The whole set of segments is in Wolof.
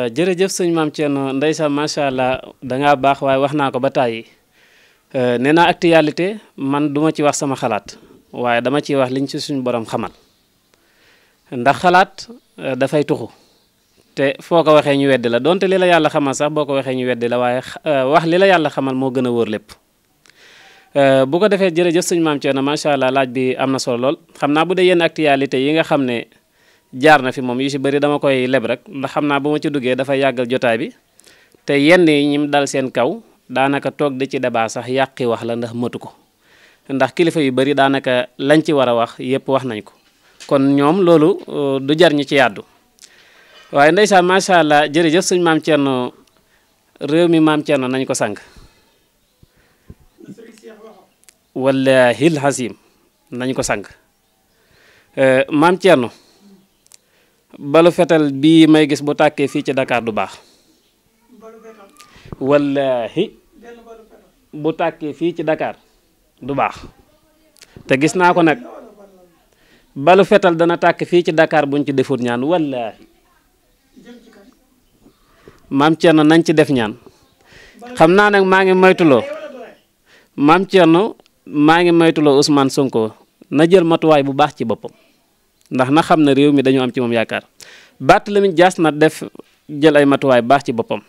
Euh, jërëjëf sëñ maam Thierno ndeysaan macha allah dangaa baax waaye wax naa ko ba tàyyi euh, nee naa actualité man duma ci wax sama xalaat waaye dama ciy wax liñ ci suñu borom xamal ndax xalaat euh, dafay tuxu te foo ko waxee ñu weddi la donte li la yàlla xamal sax boo ko waxee ñu weddi la waaye wax li la yàlla xamal moo gën a wóor lépp bu ko defee jërëjëf sëñ maam Thierno macha allah laaj bi am na solo lool xam naa bu dee yenn actualité yi nga xam ne jaar na fi moom yu si bëri dama koy leb rek ndax xam naa bu ma ci duggee dafay yàggal jotaay bi te yenn yi ñim dal seen kaw daanaka toog di ci débat sax yàqi wax la ndax matu ko ndax kilifa yu bëri daanaka lañ ci war a wax yépp wax nañ ko kon ñoom loolu euh, du jar ñu ci yàddu waaye ndeysaan macha allah jërëjëf suñ maam Thierno réew mi maam Thierno nañ ko sànq wallaahi nañ ko sànq euh, maam Thierno balu fetal bii may gis bu tàkkee fii ci dakaar du baax wallaahi bu tàkkee fii ci dakaar du baax te gis naa ko nag balu fetal dana tàkk fii ci Dakar buñ ci defut ñaan wallaahi maam Thierno nañ ci def ñaan xam naa nag maa ngi maytuloo maam Thierno maa ngi moytuloo Ousmane Sonko na jël matuwaay bu baax ci boppam. ndax na xam na réew mi dañu am ci moom yaakaar Barthélémy jaas na def jël ay matuwaay baax ci boppam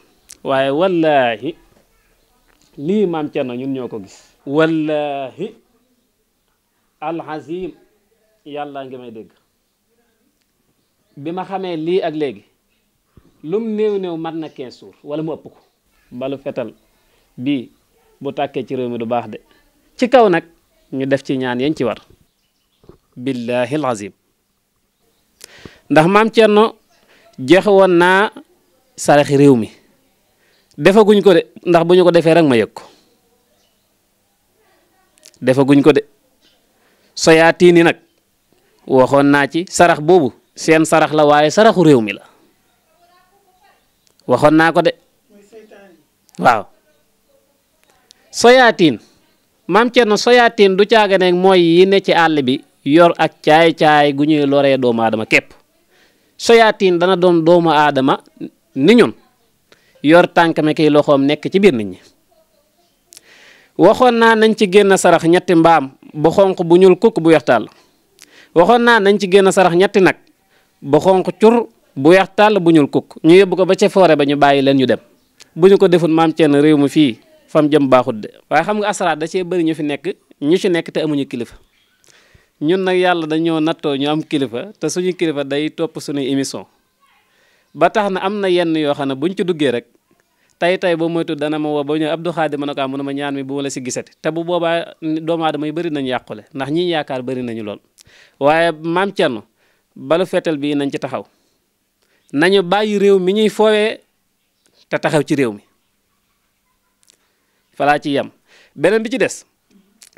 waaye wallaahi lii maam Cerno ñun ñoo ko gis wallaahi alxazim yàlla ngi may dégg bi ma xamee lii ak léegi lum néew néew mat na 15 jours wala mu ëpp ko mbalu fetal bii bu tàkkee ci réew mi du baax de ci kaw nag ñu def ci ñaan yañ ci war billahi alazim ndax maam Thierno joxe woon naa saraxi réew mi defaguñ ko de ndax bu ñu ko defee rek ma yëg ko defaguñ ko de soyaatiini nag waxoon naa ci sarax boobu seen sarax la waaye saraxu réew mi la waxoon naa ko de waaw soyaatiin maam Thierno soyaatiin du caaga ne mooy yi ne ci àll bi yor ak caay-caay gu ñuy loree doomu adama kepp soyaatiin dana doon doomu aadama ni ñun yor tànk me loxoom nekk ci biir nit ñi waxoon naa nañ ci génn sarax ñetti mbaam bu xonq bu ñuul kukk bu weex tàll waxoon naa nañ ci génn sarax ñetti nag bu xonq cur bu weex tàll bu ñuul kukk ñu yóbbu ko ba ca foore ba ñu bàyyi leen ñu dem bu ñu ko deful maam ceen réew mi fii fam jëm baaxut de waaye xam nga asaraat da cee bëri ñu fi nekk ñu ci nekk te amuñu kilifa ñun nag yàlla dañoo nattoo ñu am kilifa te suñu kilifa day topp suñuy émission ba tax na am na yenn yoo xam ne buñ ci duggee rek tey tey ba moytu dana ma woo ba ñëw Abdou Xaadir ma ne ko ah, mënuma ñaan mi bu ma la si gisati te bu boobaa doomu aadama yi nañu yàqule ndax ñi yaakaar bari nañu lool waaye maam Thierno balu fetal bii nañ ci taxaw nañu bàyyi réew mi ñuy foowee te taxaw ci réew mi falaa ci yem beneen bi ci des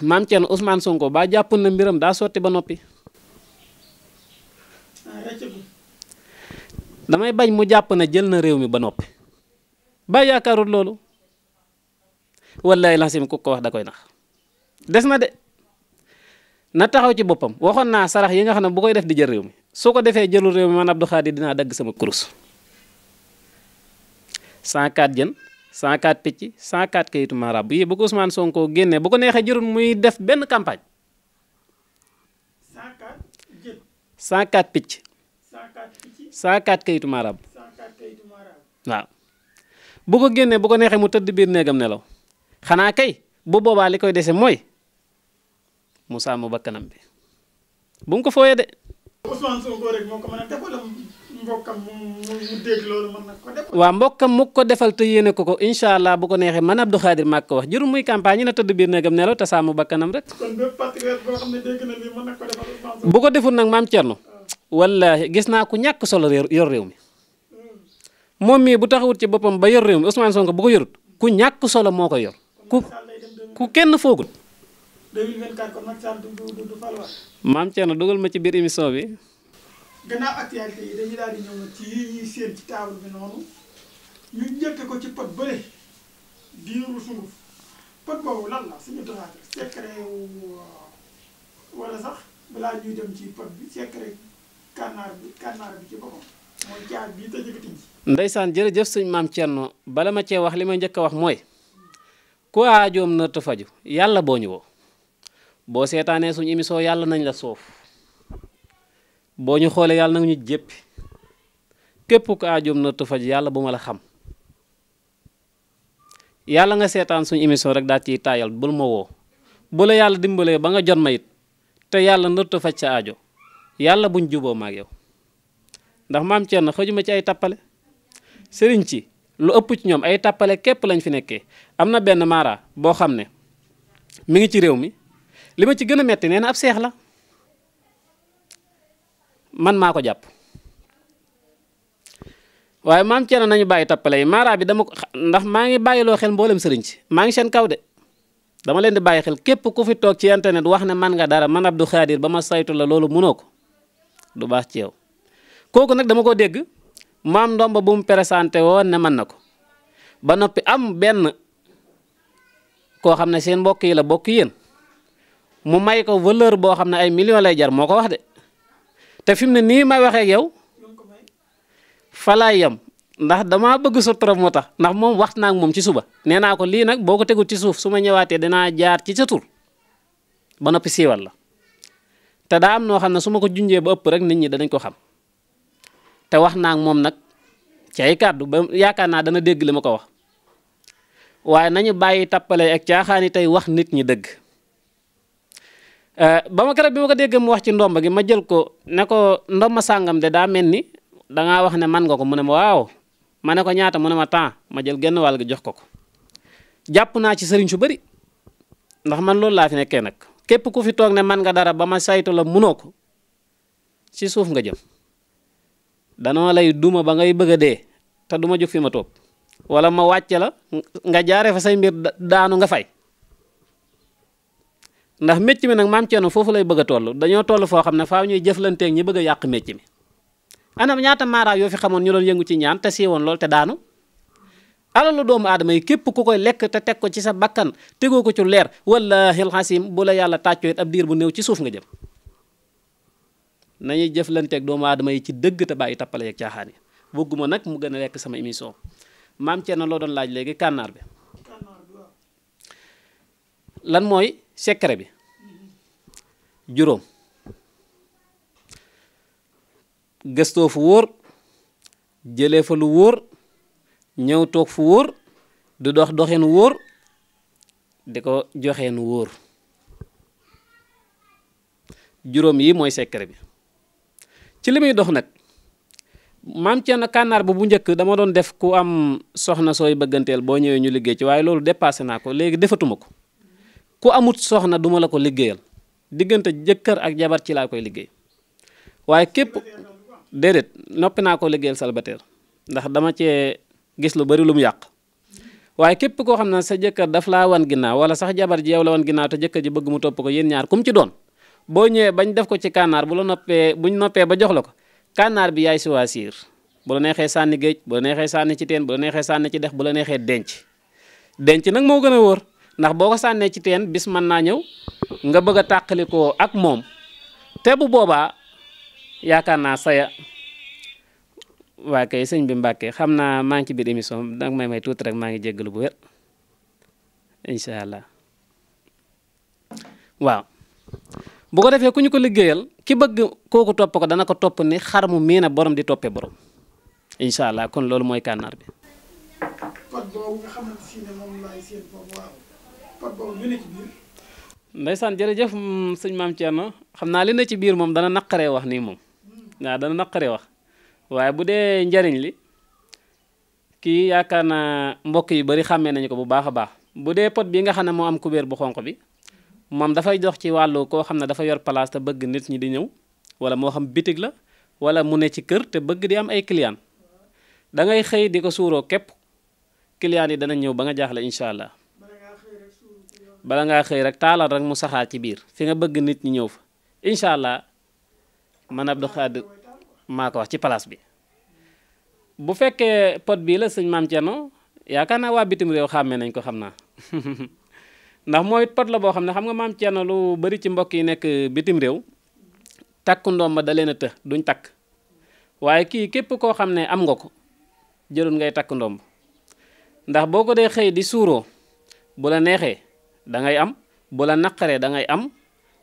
maam Usman Ousmane Sonko ba japp na mbiram da soti ba nopi damay bañ mu japp na jël na réew mi ba nopi ba yakarul lolu wallahi lasim ku ko wax da nax des na de na taxaw ci bopam waxon na sarax yi nga xamne bu koy def di jël réew mi su ko jëlul réew mi man Abdou Khadi dina dag sama kurus 104 jeun 104 picc 104 kayitu marab yi bu ko Ousmane Sonko génnee bu ko neexee jërul muy def ben campagne. 104 jeul 104 picc. 104 marab 104 kayitu marab waaw bu ko génnee bu ko neexee mu teud bir néegam nelaw xana kay bu boba likoy koy moy Moussa mu sàmm bi bu ngi ko fooyee de. Ousmane Sonko rek moko ko mën mbokkam mu mu dégg ko defal. te yéene ko ko incha allah bu ko neexee man Abdou Khadir maa ko wax jëru muy campagne na tëdd biir néegam nelaw te sàmm bakkanam rek. ne dégg na lii mën ko defal. bu ko deful nag maam Thierno. wallaahi gis naa ku ñàkk solo yor réew mi. Hmm. moom mii bu taxawut ci boppam ba yor réew mi Ousmane Sonko bu ko yorut ku ñàkk solo moo ko yor. ku ku kenn foogul. 2024 kon nag maam Thierno dugal ma ci biir émission bi. gannaaw actualité yi dañuy daal di ñëw ci yi ci table bi noonu ñu njëkk ko ci pot bële diiru sunguf pot boobu lan la suñu doxaate secret wu euh, wala sax balaa ñuy dem ci pot bi secret kànnaar bi kànnaar bi ci boppam mooy jaar bii te jëkkati ji ndeysaan jërëjëf suñ maam Thierno bala ma cee wax li ma njëkk a wax mooy ku aajoom na faju yàlla boo ñu woo boo seetaanee suñu émission yàlla nañ la soof boo ñu xoolee yàlla nag ñu jep kep ku aajoom na tu faj yàlla bu ma la xam yalla nga setan suñu émission rek da ci tayal bul ma wo bu la yalla dimbalé ba nga jot ma it te yàlla nërta faj ci aajo yalla buñ ma ak yow ndax maam na xojuma ci ay tapalé sëriñ ci lu ëpp ci ñom ay tapalé kep lañ fi nekké amna ben mara bo xamné ne mi ngi ci réew mi lima ci gëna metti néna ab cheikh la man maa ko jàpp waaye maam Thierno nañu bàyyi tappale yi maara bi dama ko ndax maa ngi bàyyiloo xel mboolem sëriñ si maa ngi seen kaw dama leen bàyyi xel képp ku fi toog ci internet wax ne man nga dara man Abdou Khadir ba ma saytu la loolu mënoo ko du baax ci yow kooku nag dama ko dégg maam ndomba bu mu présenté woon ne man na ko ba noppi am benn koo xam ne seen mbokk yi la bokk yéen mu may ko valeur boo xam ne ay millions lay jar moo ko wax de te fi mu ne nii may waxee ak yow falaa yem ndax damaa bëgg sutura moo tax ndax moom wax naa moom ci suba nee naa ko lii nag boo ko tegul ci suuf su ma ñëwaatee dinaa jaar ci sa ba noppi siiwal la te daa am noo xam ne su ma ko junjee ba ëpp rek nit ñi danañ ko xam te wax naa ak moom nag ci ay kàddu ba yaakaar naa dana dégg li ma ko wax waaye nañu bàyyi tappale ak caaxaani tey wax nit ñi dëgg. Eh, ba ma keroog bi ma ko déggee mu wax ci ndomba gi ma jël ko ne ko ma sàngam de daa mel ni da wax ne man nga ko mu ne ma waaw ma ne ko ñaata mu ne ma temps ma jël genn wàll gi jox ko ko. jàpp naa ci sëriñ su bari ndax man loolu laa fi nekkee nag képp ku fi toog ne man nga dara ba ma saytu la munoo ko si suuf nga jëm danoo lay duma ba ngay bëgg a dee te du ma jóg fi ma toog wala ma wàcce la nga jaaree fa say mbir daanu nga fay. ndax mécc mi nag maam Thierno foofu lay bëgg a dañoo toll foo xam ne faa ñuy jëflanteeg ñi bëgg yàq mécc mi anam ñaata maaraw yoo fi xamoon ñu doon yëngu ci ñaan te siiwoon lool te daanu alalu doomu aadama yi képp ku koy lekk te teg ko ci sa bakkan tegoo ko ci leer wallaahi alxasim bu la yàlla tàccoo it ab diir bu néew ci suuf nga jëm nañuy jëflanteeg doomu aadama yi ci dëgg te bàyyi tappale yeeg caaxaan yi nag mu gën a lekk sama émission maam Thierno loo doon laaj léegi kànnaar bi lan mooy secret bi juróom gëstoo fu wóor jëlee fa lu wóor ñëw toog fu wóor du dox doxin wóor di ko joxeen wóor juróom yi mooy secret bi ci li muy dox nag maam Thierno kànnaar ba bu njëkk dama doon def ku am soxna sooy bëgganteel boo ñëwee ñu liggéey ci waaye loolu dépassé naa ko léegi defatuma ko ku amut soxna duma la ko liggéeyal diggante jëkkër ak jabar ci laa koy liggéey waaye képp déedéet noppi naa ko liggéeyal salbateer ndax dama cee gis lu bari lu mu yàq waaye képp koo xam ne sa jëkkër daf laa wan ginnaaw wala sax jabar ji yow la wan ginnaaw te jëkkër ji bëgg mu topp ko yéen ñaar kum ci doon boo ñëwee bañ def ko ci kànnaar bu la noppee buñ noppee ba jox la ko kànnaar bi yaay choisir bu la sànni géej bu la neexee sànni ci teen bu la neexee sànni ci dex bu la neexee denc denc ndax boko sané ci téne bis man na ñew nga bëgg takaliko ak mom té bu boba yaakaar na saya wa kay sëñ bi Mbàkke xamna ma ngi ci biir émission danga may may tout rek ma ngi jéggalu bu wér inshallah allah waaw bu ko défé kuñu ko liggéeyal ki bëgg koku top ko dana ko top ni xarmu mu miina borom di topé borom inshallah kon lolu moy kanar bi. code nga seen ndeysaan jërëjëf mm, sëñ maam Thierno xam naa li na ci biir moom dana naqaree wax nii moom hmm. waaw dana naqaree wax waaye bu dee njariñ li kii yaakaar naa mbokk yu bari xàmmee nañu ko bu baax a baax bu dee pot bi nga xam ne moo am kubéer bu xonq bi moom dafay dox ci wàllu koo xam ne dafa yor place te bëgg nit ñi di ñëw wala moo xam bitig la wala mu ne ci kër te bëgg di am ay client da ngay xëy di ko suuroo képp client yi dana ñëw ba nga jaaxle incha allah bala nga xey rek talal rek mu saxaar ci biir fi nga bëgg nit ñi ñëw fa inshallah allah man Abdou khad ma ko wax ci place bi bu fekke pot bi la seigne maam tiano yakana wa bitim rew xamé nañ ko xamna ndax moy pot la bo xamné xam nga maam tiano lu bari ci mbokk yi nek bitim rew tak. ndom ma dalena te duñ tak waye ki kep ko xamné am nga ko jëlun ngay takk ndom ndax boko dee di suuroo bu la nexé da ngay am bu la naqaree da ngay am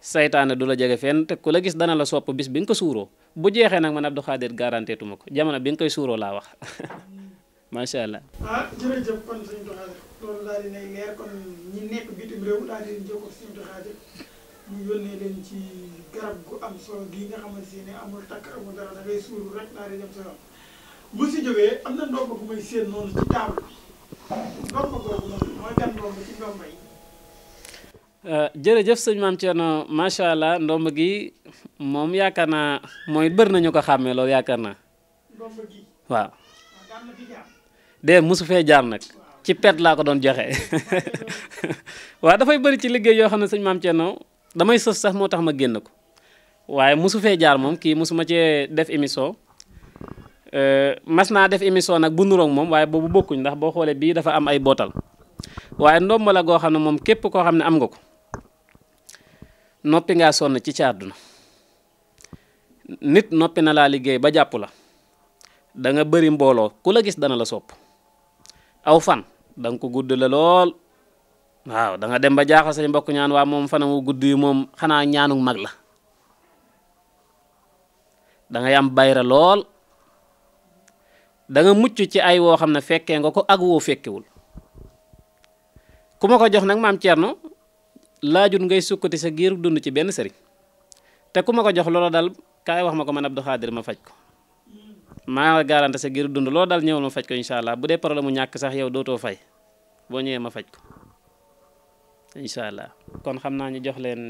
saytaane du la jege fen te ku la gis dana la sopp bis bi nga ko suuroo bu jeexee nak man Abdou Khadir garanté tuma ko jamono bi nga koy suuro la wax ma sha allah. ah jere jep kon seigne Abdou Khadir loolu daal di nay leer kon ñi nekk bitum rew daal di jokkoo ak sëñ Abdou Khadir ñu yone len ci garab gu am solo gi nga xamantene amul tak amu dara da ngay suuro rek daal di dem solo bu ci jógee amna na bu may seen non ci table bi ndomba non moy mooy gan ndomba ci ndombay Euh, jërëjëf sëñ maam Thierno macha allah ndomb gi moom yaakaar naa mooy bëri nañu ko xàmmee loolu yaakaar naa waaw ah, de mosu fee jaar nag ci pet laa ko doon joxe waaw dafay bari ci liggéey yoo xam ne sëñ maam Thierno damay sës sax moo tax ma génn ko waaye musu fee jaar moom kii mosuma cee def émission euh, mas naa def émission nag bu nurook moom waaye boobu bokkuñ ndax boo xoolee bii dafa am ay bootal waaye ndomb la goo xam ne moom képp koo xam ne am nga ko noppi ngaa sonn ci ci àdduna nit noppi na laa liggéey ba jàpp la danga bari mbooloo ku la gis dana la sopp aw fan danga ko gudd la lool waaw danga dem ba jaaxal say mbokk ñaan waa moom fanamu gudd yi moom xanaa ñaanu mag la da ngay am bayra lool danga mucc ci ay woo xam ne fekkee nga ko ak woo fekkewul ku ma ko jox nag maam Thierno laajut ngay sukkati sa giiru dund ci benn sëriñ te ku ma ko jox loola dal kaay wax ma ko man Abdou Khadir ma faj ko maa garante sa giir dund loola dal ñëwal ma faj ko incha allah bu dee problème mu ñàkk sax yow dootoo fay boo ñëwee ma faj ko incha allah kon xam naa ñu jox leen